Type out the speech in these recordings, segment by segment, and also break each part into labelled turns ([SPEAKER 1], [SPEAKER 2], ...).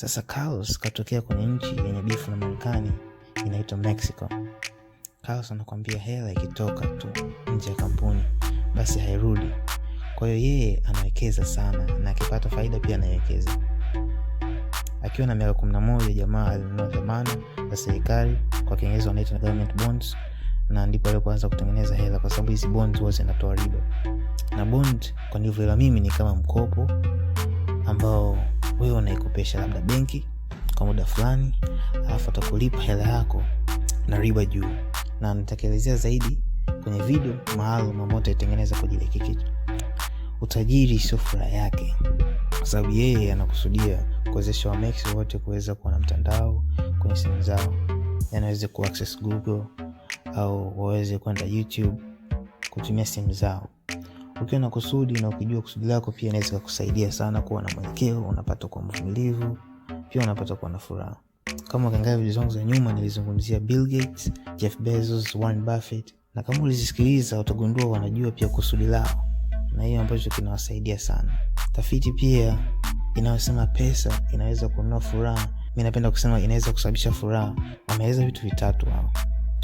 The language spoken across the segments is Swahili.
[SPEAKER 1] Sasa Carlos katokea kwenye nchi yenye bifu na Marekani inaitwa Mexico. Carlos anakwambia hela ikitoka tu nje ya kampuni basi hairudi. Kwa hiyo yeye anawekeza sana na akipata faida pia anaiwekeza. Akiwa na miaka kumi na moja jamaa alinunua dhamana za serikali kwa Kiingereza wanaita government bonds, na ndipo alipoanza kutengeneza hela, kwa sababu hizi bonds huwa zinatoa riba, na bond kwa ndivyo, ila mimi ni kama mkopo ambao wewe unaikopesha labda benki kwa muda fulani, alafu atakulipa hela yako na riba juu, na nitakuelezea zaidi kwenye video maalum ambayo nitaitengeneza kwa ajili ya kitu. Utajiri sio furaha yake, kwa sababu yeye anakusudia kuwezesha Wamax wote kuweza kuwa na mtandao kwenye simu zao, yani waweze ku access Google au waweze kwenda YouTube kutumia simu zao ukiwa na kusudi na ukijua kusudi lako pia inaweza kukusaidia sana kuwa na mwelekeo unapata kuwa mvumilivu pia unapata kuwa na furaha kama ukiangalia video zangu za nyuma nilizungumzia bill gates jeff bezos warren buffett na kama ulizisikiliza utagundua wanajua pia kusudi lao na hiyo ambacho kinawasaidia sana tafiti pia inayosema pesa inaweza kununua furaha mi napenda kusema inaweza kusababisha furaha ameeleza vitu vitatu hao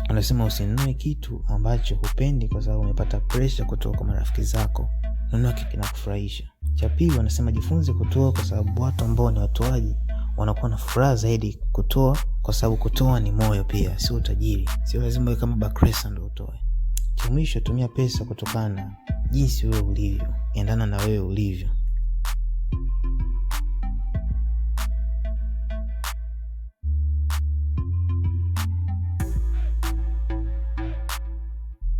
[SPEAKER 1] Anasema usinunue kitu ambacho hupendi kwa sababu umepata presha kutoka kwa marafiki zako. Nunua kitu kinakufurahisha. Cha pili, wanasema jifunze kutoa, kwa sababu watu ambao ni watoaji wanakuwa na furaha zaidi kutoa, kwa sababu kutoa ni moyo pia, sio utajiri. Sio lazima uwe kama Bakresa ndo utoe. Cha mwisho, tumia pesa kutokana na jinsi wewe ulivyo, endana na wewe ulivyo.